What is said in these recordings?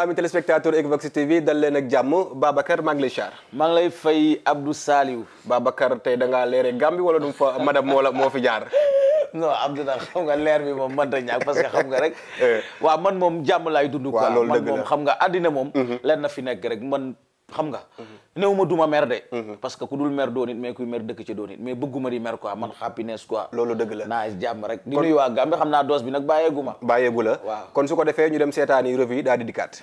amis téléspectateurs Equivox TV dal leen ak jàmm Babacar maa ngi lay lay fay Abdou Saliou Babacar tey da leere Gambie wala du fa madame wala moo fi jaar non Abdou moom mënta ñàkk parce que nga rek eh. waaw man moom jàmm laay dund quoi man moom xam nga àddina moom mhm. leen na fi nekk rek man mhm. duma mer de mhm. parce ku dul mer doon it kuy mer dëkk ci doon it di mer quoi man happiness quoi loolu dëgg la naa jàmm rek di nuyu waa Gambie xam naa dose bi nag bàyyeegu ma ba la waaw kon su ko defee dem seetaani revue daal di dikkaat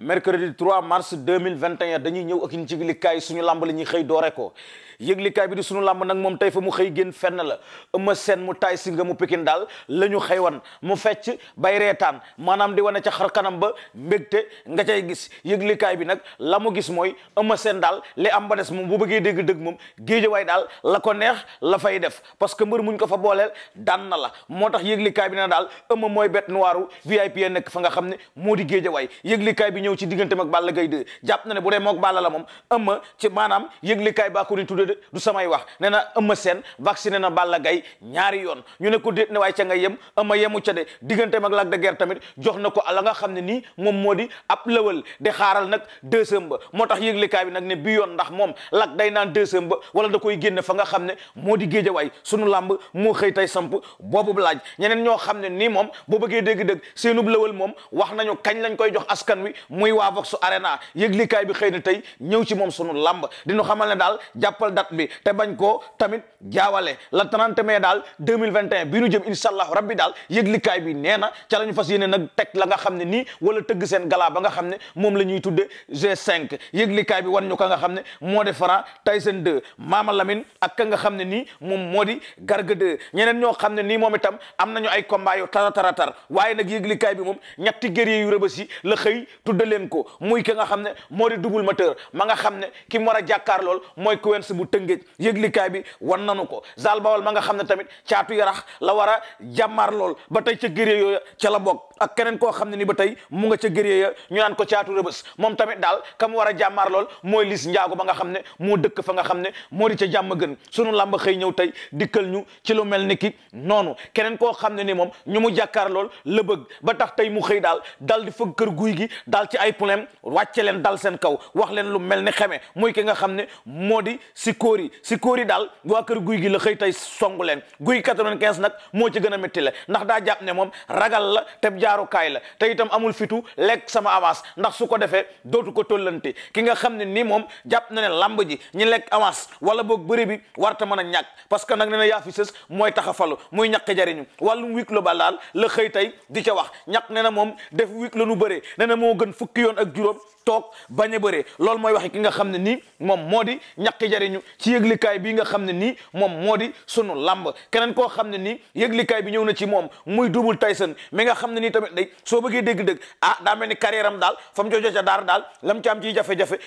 mercredi 3 mars 2021 dañuy ñëw ak ci yëglikaay suñu lamb la ñuy xëy doore ko yëglikaay bi di suñu lamb nag moom tey fa mu xëy génn fenn la ëmma seen mu taay si nga mu pikin daal la ñu xëy wan mu fecc bay reetaan maanaam di wane ca xar kanam ba mbégte nga cay gis yëglikaay bi nag la mu gis mooy ëmma seen daal li am ba des moom bu bëggee dégg dëgg moom géejawaay daal la ko neex la fay def parce que mbër muñ ko fa booleel daan na la moo tax yëglikaay bi na daal ëmma mooy bête noiru VIP nekk fa nga xam ne moo di géejawaay yëglikaay bi ñëw ci diggante mag Balla Gaye 2 jàpp na ne bu dee mook Balla la moom ëmma ci maanaam yëglikaay baa ko ni tudde du samay wax nee na ëmma seen vacciné na Balla Gaye ñaari yoon ñu ne ko déet ne waaye ca nga yem ëmma yemu ca de diggante mag Lac de Guiers tamit jox na ko ala nga xam ne nii moom moo di ab lëwal di xaaral nag deuxième ba moo tax yëglikaay bi nag ne bi yoon ndax moom Lac day naan deuxième ba wala da koy génne fa nga xam ne moo di géejawaay sunu làmb moo xëy tey samp boobu laaj ñeneen ñoo xam ne nii moom boo bëggee dégg-dégg seenub lëwal moom wax nañu kañ lañ koy jox askan wi muy waa Vox Arena yëglikaay bi xëy na tey ñëw ci moom sunu lamb dinu xamal ne daal jàppal date bi te bañ koo tamit jaawale la 30 mai daal 2021 bi nu jëm incha allahu rabbi daal yëglikaay bi nee na ca la ñu fas yéene nag teg la nga xam ne nii wala tëgg seen galaa ba nga xam ne moom la ñuy tudde G5 yëglikaay bi wan ñu ka nga xam ne moo de Franc Tyson 2 Mama Lamine ak ka nga xam ne nii moom moo di Garga 2 ñoo xam ne nii moom itam am nañu ay combat yu tara tara tar waaye nag yëglikaay bi moom ñetti guerrier yu la xëy tuddal leen ko muy ki xam ne moo di double moteur ma nga xam ne ki mu war a jàkkaar lool mooy Quench bu tëngeej yëglikaay bi wan nanu ko Zal Bawol ma nga xam ne tamit caatu yarax la war a jàmmaar lool ba tey ca gëree yooya ca la bokk ak keneen koo xam ne ni ba tey mu nga ca gëree ya ñu naan ko caatu rëbës moom tamit daal ka war a jàmmaar lool mooy lis njaago ba nga xam ne moo dëkk fa nga xam ne moo di ca jàmm sunu làmba xëy ñëw tey dikkal ñu ci lu mel ni ki noonu keneen koo xam ne ni moom ñu mu jàkkaar lool la ba tax tey mu xëy daal dal di fëgg kër guy gi daal ci ay problème wàcce leen dal seen kaw wax leen lu mel ni xeme muy ki nga xam ne moo di Sikori Sikori daal waa kër guy gi la xëy tey songu leen guy 95 nag moo ci gën a métti la ndax daa jàpp ne moom ragal la te jaarukaay la te itam amul fitu lekk sama avance ndax su ko defee dootu ko tollante ki nga xam ne nii moom jàpp na ne làmb ji ñi lekk avance wala boog bëri bi warta mën a ñàkk parce que nag nee na yaa fi sës mooy tax a falu muy ñàkk jariñu wàllum wik lo ba daal la xëy tey di ca wax ñàkk ne na moom def wik la nu bëree ne na moo gën fukki yoon ak juróom toog bañ a bëree loolu mooy wax ki nga xam ne nii moom moo di ñàkk jariñu ci yëglikaay bi nga xam ne nii moom moo di sunu làmb keneen koo xam ne nii yëglikaay bi ñëw na ci moom muy Double Tyson mi nga xam ne nii tamit day soo bëggee dégg-dégg ah daa mel ni carrière daal fa mu jojo daara daal lam ci am ciy jafe-jafe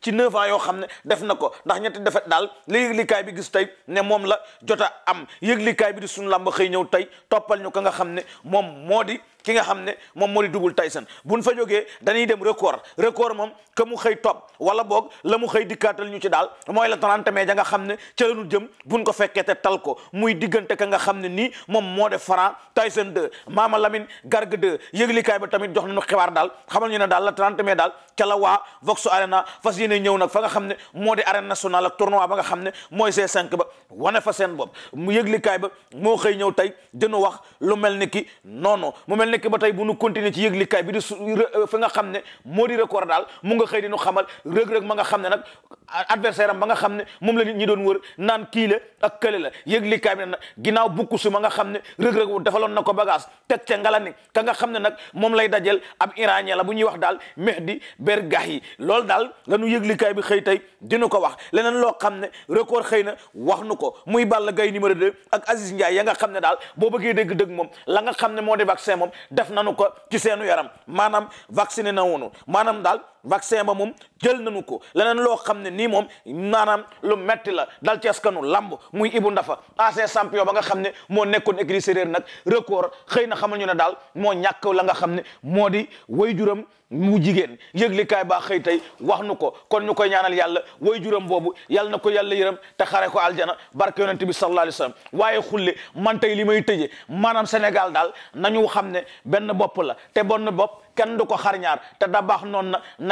ci neuf yoo xam ne def na ko ndax ñetti defet daal la bi gis tey ne moom la jota am yëglikaay bi di sunu làmb xëy ñëw tey toppal ñu ko nga xam ne moom moo di ki nga xam ne moom moo di Double Tyson buñ fa jógee dañuy dem record record moom que mu xëy topp wala boog la mu xëy dikkaatal ñu ci daal mooy la trente mai ja nga xam ne ca la ñu jëm ko fekkee te tal ko muy diggante ka nga xam ne nii moom moo def Franc Tyson 2 Mama Lamine Garga 2 yëglikaay ba tamit jox nañu xibaar daal xamal ñu ne daal la trente mai daal ca la waa Vox Arena fas yéene ñëw nag fa nga xam ne moo di arène nationale ak tournoi ba nga xam ne mooy C5 ba wane fa seen bopp mu yëglikaay ba moo xëy ñëw tey dinu wax lu mel ni ki non non mu mel ni ba tey bu ñu ci yëglikaay bi di su fa nga xam ne moo record daal mu nga xëy di xamal rëg-rëg ma nga xam ne nag adversaire ba nga xam ne moom la nit ñi doon wër naan kii la ak kële la yëg li kaay bi nag ginnaaw bukku su ma nga xam ne rëg-rëg na ko bagage teg ca ngala ni ka nga xam ne nag moom lay dajel ab iranien la bu ñuy wax daal Mehdi Bergahi loolu daal la nu yëg li kaay bi xëy tey dina ko wax leneen loo xam ne record xëy na wax nu ko muy Balla Gaye numéro de ak Aziz Ndiaye ya nga xam ne daal boo bëggee dégg dëgg moom la nga xam ne moo di vaccin moom def nanu ko ci seenu yaram maanaam vacciné na woonu maanaam daal vaccin ba moom jël nañu ko leneen loo xam ne nii moom maanaam lu metti la dal ci kanu lamb muy Ibou Ndafa ancien champion ba nga xam ne moo nekkoon écurie Séeréer nag record xëy na xamal ñu ne daal moo ñàkk la nga xam ne moo di juram mu jigéen yëglikaay baa xëy tey wax nu ko kon ñu koy ñaanal yàlla waajuram boobu yàlla na ko yàlla yërëm te xare ko aljana barke yonent bi sallallahu alayhi wa sallam waaye xulle man tey li may tëje maanaam Sénégal daal nañu xam ne benn bopp la te bonn na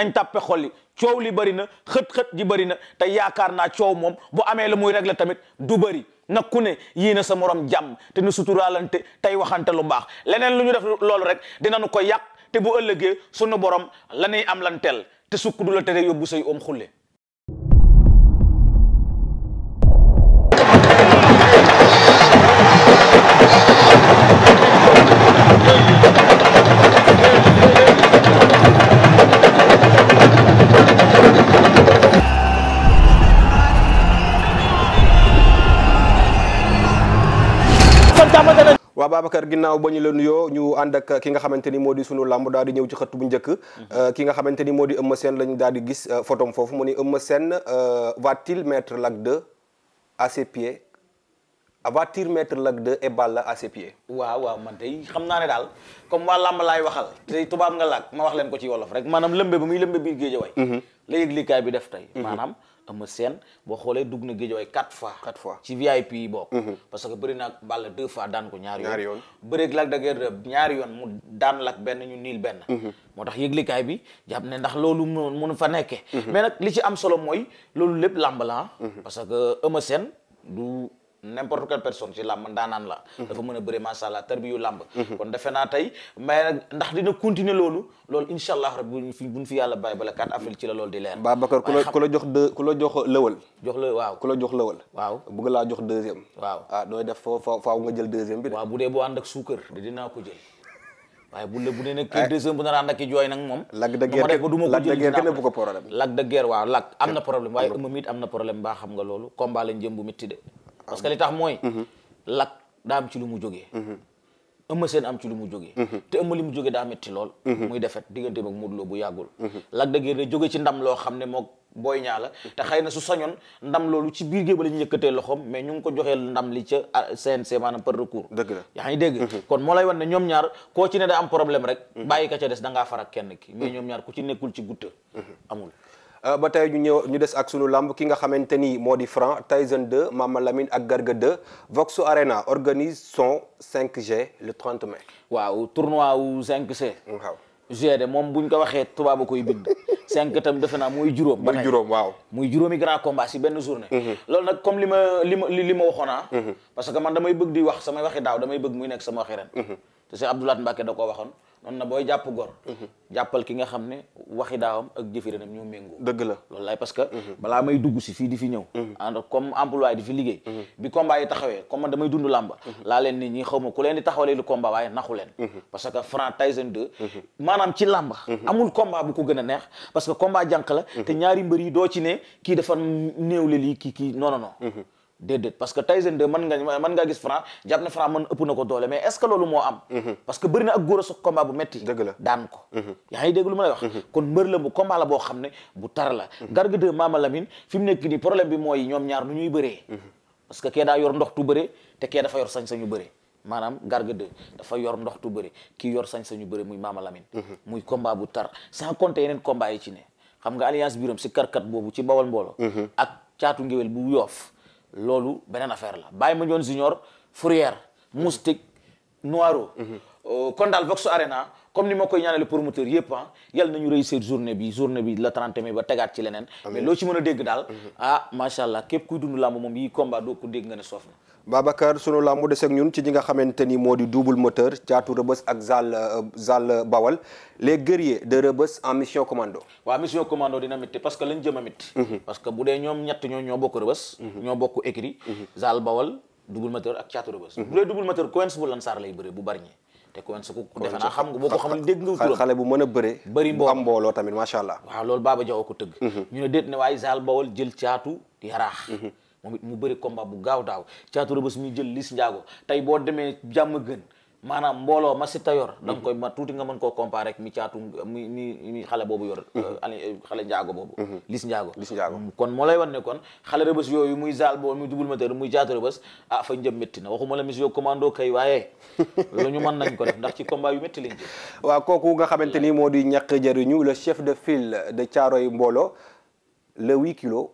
nañ tàppe xol yi coow li bëri na xët-xët ji bëri na te yaakaar naa coow moom bu amee la muy la tamit du bëri nag ku ne yéene sa morom jàmm te nu suturaalante tey waxante lu baax leneen lu ñu def loolu rek dinañu ko yàq te bu ëllëgee nu borom la ñuy am lan teel te sukk du la tere yóbbu say om xulle Babacar ginaaw ba ñu la nuyoo ñu ànd ak ki nga xamante ni moo di sunu làmb daal di ñëw ci xëtt bu njëkk mhm. ki nga xamante ni moo di Eumeu seen lañu daal di gis euh, photom foofu mu ni Eumeu seen euh, va-t-il mettre Lac 2 abattir maître Lac 2 et Balla à ses waaw waaw man tey xam naa ne daal comme waa làmb laay waxal tey tubaab nga laak ma wax leen ko ci wolof rek maanaam lëmbe bu muy lëmbe biir géejawaay mhm. la yëglikaay bi def tey mhm. maanaam Eumeu Sène boo xoolee dugg na géejawaay quatre fois quatre fois ci VIP yi bokk mhm. parce que bëri naag Balla deux fois daan ko ñaari yoon ñaari yoon bëreeg Lac de Guiers ñaari yoon mu daan lak benn ñu niil benn moo tax yëglikaay bi jàpp ne ndax loolu noonu fa nekkee li ci am mooy loolu lépp làmb la ah. parce que Eumeu Sène du n'importe quelle personne ci làmb ndaanaan la mhm. dafa mën a bëre macha allah tarbiyu làmb mhm. kon defe naa tey mais ndax dina continuer loolu loolu insha allah rabbi buñ fi buñ fi yàlla bàyyi bala 4 avril ci la loolu di leer Babacar ku la ku la jox deux la jox waaw ku la laa jox deuxième waaw ah dooy def foo faaw nga jël deuxième bi waaw bu dee boo ànd ak suukar de dinaa ko jël waaye bu bu dee nag eh. deuxième bu nar a ànd ak i jooy nag moom lag de guerre ba du ma ko kenn bu problème lag de guerre waaw lag am na problème waaye ëmam it am na nga loolu combat lañ jëm bu métti de parce que li tax mooy. Mhm. lak daa am ci lu mu jógee. ëmma seen am ci lu mu jógee mhm. te ëmma li mu jógee daa metti lool mhm. muy defet diggante ak Modou Lo bu yàggul Lac de Guiers jóge ci ndam loo xam ne mook Boy Niang te xëy na su sañoon ndam loolu ci biir géej ba la ñu yëkkatee loxoom mais ñu ngi ko joxee ndam li ca CNC ah, maanaam par recours dëgg la yaa ngi dégg kon moo lay wan ne ñoom ñaar koo ci ne da am problème rek bàyyi ka ca des da ngaa kenn ki mais ñoom ñaar ku ci nekkul ci gutta amul Euh, ba tey ñu ñëw ñu des ak sunu lamb ki nga xamante ni moo di Franc Tyson 2 Mama Lamine ak Garga de Vox Arena organise son cinq g le 30 mai. waaw tournoi wu 5G. Mm, waaw G moom bu ñu ko waxee tubaab a koy bind. cinq tam defe naa muy juróom. ba muy juróom waaw. muy juróomi grand combat si benn journée. Mm-hmm. loolu nag comme li ma li ma li ma waxoon ah. mm-hmm. parce que man damay bëgg di wax samay waxi daaw damay bëgg muy nekk sama waxi ren. Mm-hmm. te Cheikh Abdoulaat Mbacke da koo waxoon noonu na booy jàpp gor mhm. jàppal ki nga xam ne waxi daawam ak jëfiranam ñoo méngoo dëgg la loolu laay parce que mhm. balaa may dugg si fii di fi ñëw en mhm. comme employé di fi liggéey bi combat yi taxawee comme damay dund làmba laa leen ni ñi xaw ma ku leen di taxawalee lu combat waaye naxu leen parce que Franc Tyson 2 maanaam ci làmba amul combat bu ko gën a neex parce que combat jànq la te ñaari mbër yi doo ci ne kii dafa néewle lii kii kii non non déedéet parce que Tyson 2 nga gis Franc jàpp ne Franc mën ëpp na ko doole mais est-ce que loolu moo am mhm. parce que bëri ak góor a soog combat bu metti dëgg la daan ko mhm. yaa ma lay wax mhm. kon ne bu tar la Garga 2 Mama fi mu nekk nii problème bi mooy ñoom ñaar nu ñuy bëree parce que kee daa yor ndox tu bëree te kee dafa yor sañ-sañu bëree maanaam Garga 2 dafa yor ndox tu bëree kii yor sañ-sañu bëree muy Mama Lamine muy combat bu tar sans compter yeneen combat yi ci ne xam nga alliance biram si karkat boobu ci bawal mboolo ak caatu ngéwél bu yoof loolu beneen affaire la Baye Mandione Junior Fourière Moustique Noiro euh, kon daal Vox Arena comme ni ma koy ñaanale promoteur yëpp ah yàlla nañu réussir journée bi journée bi la 30 mai ba tegaat ci leneen mais loo ci mën a dégg daal mhm. ah macha allah képp ku dund làmb moom yi combat doo ko dégg nga ne soof na Babacar sunu làmb des ak ñun ci ñi nga xamante ni moo di double moteur caatu rëbës ak zal euh, zal bawal les guerriers de rëbës en mission commando. waaw mission commando dina métti parce que lañ jëm a mhm. parce que bu dee ñoom ñett ñoo ñoo bokk rëbës. Mhm. ñoo bokk écrit. Mhm. zal bawal double moteur ak caatu rëbës. bu dee double moteur coins bu lansaar lay bëree bu bari ñi te Coen su ko xam nga boo ko xam ne dégg nga turam xale bu bëri mbooloo am tamit macha alla waaw loolu Baba Jaw ko tëgg ñu ne déet ne waaye Zal Bawol jël moom it mu bëri combat bu gaaw daaw caatu rëbës mi jël lis njaago tey boo demee jàmm gën maanaam mbooloo ma si yor da mhm. koy ma tuuti nga mën koo comparer rek mi caatu mi mi boobu yor mhm. euh, ali euh, xale njaago boobu mhm. lis njaago lis njaago mm, kon moo lay wan ne kon xale rëbës yooyu muy zaal boobu muy double moteur muy caatu rëbës ah fa njëm metti na waxuma la mission commando kay waaye loolu ñu mën nañ ko def ndax ci combat yu métti lañ jël waaw kooku nga xamante ni moo di ñàkk jariñu la chef de file de Thiaroye mbooloo le huit kilos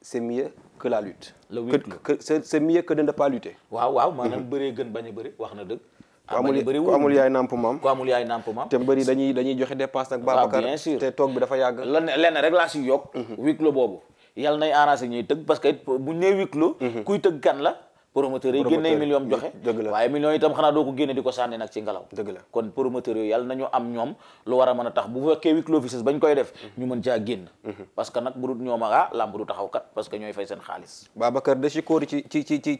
c'est mieux que la lutte. la lutte que que c'est c'est mieux que de ne pas lutter. waaw waaw mhm. maanaam bëree gën bañ a bëri wax na dëgg. ku ah, amul yaay namp maam ku amul yaay namp maam te mbëri dañuy dañuy joxe dépense nag Babacar bien sûr te toog bi dafa yàgg lan lenn rek laa si yokk mhm. huis clos boobu yàlla nay arrangé ñuy tëgg parce que buñ nee huis clos mhm. kuy tëgg kan la promoteurs yi génne million joxe waaye millions itam xanaa doo ko génne di ko sànni nag ci ngelaw kon promoteurs yooyu yàlla nañu am ñoom lu war a tax bu fekkee huis clos bañ koy def mm-hmm. mm-hmm. ah,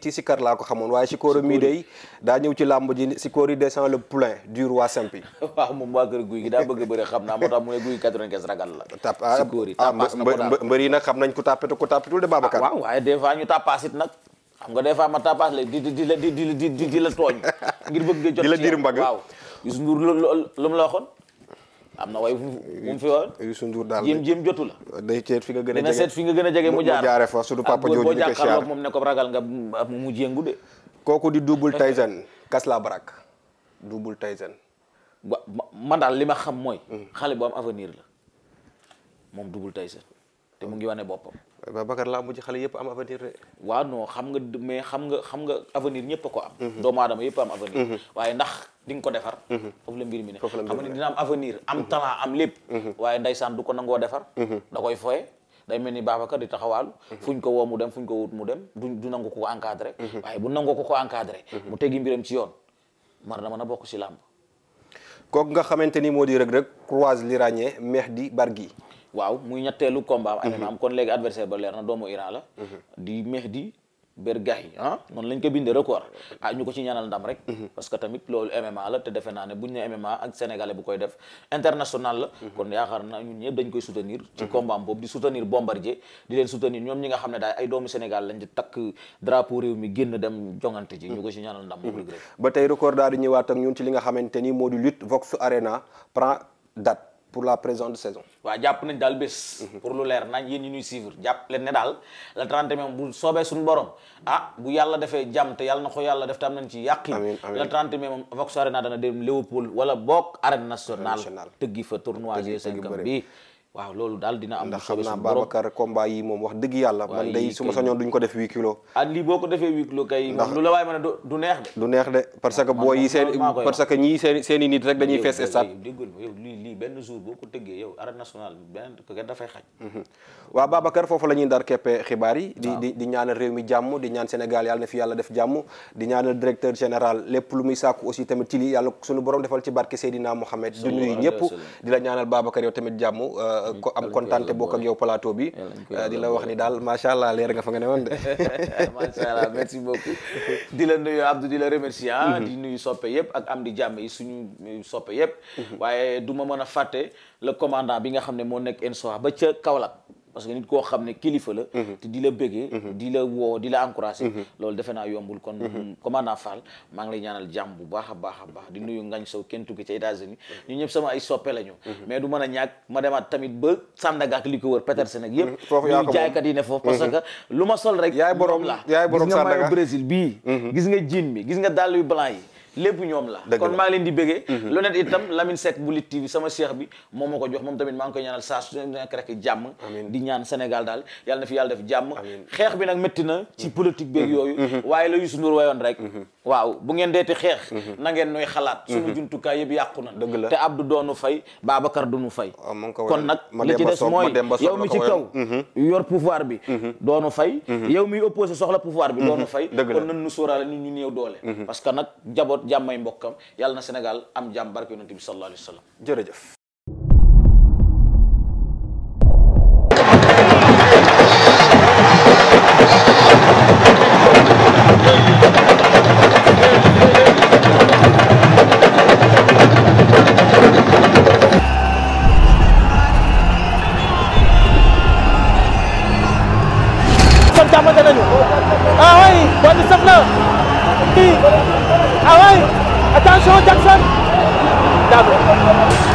ci ci laa ko xamoon waaye Sikor mii day daa ñëw ci làmb ji Sikor yi descend le poulain du roi simpi waaw moom waa kër guy gi daa bëgg bëri xam naa moo tax mu ne guy 95 ragal la tap ah, Sikor ah, yi nag xam nga des fois ma tapas la di di di la di di di tooñ ngir bëgg jot di la dir mbagg waaw Youssou Ndour lu mu la am na way mu fi woon Youssou Ndour daal jéem jéem jotu la day seet fi nga gën a jege seet fi nga gën a jege mu jaar mu jaare fa surtout papa ah, boo jàkkaarloog moom ne ko ragal nga mu jéngu de kooku di double Tyson kas la barak double Tyson daal li ma xam mooy hmm. xale bu am avenir la moom double Tyson te mu ngi wane boppam Babacar laa mujj xale yëpp am avenir de. waaw xam nga mais xam nga xam nga avenir ñëpp ko am. Mhm. doomu aadama yëpp am avenir. Mhm. waaye ndax di ko defar. Mhm. foofu la mbir mi ne xam nga dina am avenir am talent am lépp. waaye ndaysaan du ko nangoo defar. da koy foye day mel ni Babacar di taxawaalu. fuñ ko woo mu dem fuñ ko wut mu dem du du ko ko encadré. waaye bu nangoo ko ko encadré. mu teggi mbiram ci yoon mar na mën a bokk si làmb. kooku nga xamante ni moo di rek Reug croise li ràññee Mehdi Bargui waaw muy ñetteelu combat am mhm. kon léegi adversaire ba leer na doomu Iran la mhm. di Bergahi ah lañ ko bindee ah, ñu ko ci ñaanal ndam rek mhm. parce que tamit loolu MMA la naa ne buñ ne MMA ak sénégalais koy def international la kon na ñun ñëpp dañ koy soutenir ci boobu di soutenir Bombardier di leen soutenir ñoom nga xam ne daal ay doomu Sénégal lañ di takk drapeau réew mi génn dem jongante ji ñu ko ci ñaanal ndam rek ba tey record daal di ñëwaat ak ñun ci li nga xamante ni moo di lutte Vox Arena prend date pour la présente saison. waaw jàpp nañ daal bés. Mhm. pour lu leer nañ yéen ñi ñuy suivre jàpp leen ne daal le 30 mai bu soobee suñu borom ah bu yàlla defee jàmm te yàlla na ko yàlla def te am nañ ci yàqin. amiin amiin le 30 mai moom Vox Arena dem Léopold wala boog arène nationale. tëggi fa tournoi G5 waaw loolu daal dina am. ndax xam naa moom wax dëgg yàlla. man ko def huit kilos. ah lii boo ko defee huit kilos kay. ndax lu que ah, boo yi seen parce que ñii seen seen i nit rek dañuy fees stade. déggul ma mhm. la ñuy ndar keppe xibaar yi. di di di ñaanal réew mi jàmm di ñaan Sénégal yàlla na fi yàlla def jàmm. di ñaanal directeur général lépp lu muy sàkku aussi tamit ci lii yàlla suñu borom defal ci barke Seydina Mohamed du nuyu ñëpp di la ñaanal Babacar yow tamit jàmm euh, am kontante bokk ak yow plateau bi euh, di la wax ni daal macha allah leer nga fa nga ne woon de macha allah merci beaucoup di la nuyu Abdou di la remercier ah mhm. nuyu soppe yëpp ak am di jàmm yi suñu euh, soppe yëpp mhm. waaye du ma mën a fàtte le commandant bi nga xam ne moo nekk en soir ba ca Kaolack parce que nit koo xam ne kilifa la mhm. te di la bëggee mhm. di la woo di la encouragé mhm. loolu defe naa yombul kon commandant Fall maa ngi lay ñaanal jàmm bu baax a baax a baax di nuyu ngañ sow kenn tukki ca États-Unis ñu ñëpp sama ay soppe la ñu mais du mën a ñàkk ma demaat tamit ba Sandaga ak li ko wër Petersen ak yëpp lu ma sol rek borom la gis nga maillot Brésil bii gis nga jean bi gis nga dàll yu blanc yi lépp ñoom la kon maa ngi leen di bëggee mhm. lonet itam Lamine Seck bu Lutte TV sama cheikh bi moom ma ko jox moom tamit maa ngi koy ñaanal saa su nekk rek jàmm di ñaan Sénégal daal yàlla na fi yàlla def jàmm xeex bi nag métti na ci mhm. politique beeg mhm. yooyu waaye la Youssou Ndour wayoon rek waaw bu ngeen deeti xeex na nooy xalaat suñu juntukaay yëpp yàqu na la te Abdou doonu fay Babacar duñu fay ah, kon nag li ci des mooy yow mi ci kaw yor pouvoir bi doonu fay yow mi opposé soxla pouvoir bi doonu fay kon nan nu sóoraale ñu néew doole jàmmay mbokkam yàlla na Sénégal am jàmm barke yonent bi sallallahu alayhi wa sallam jërëjëf jàmmante nañu ah oui wàllu saf na kii Ah ouais Attention Jackson D'accord.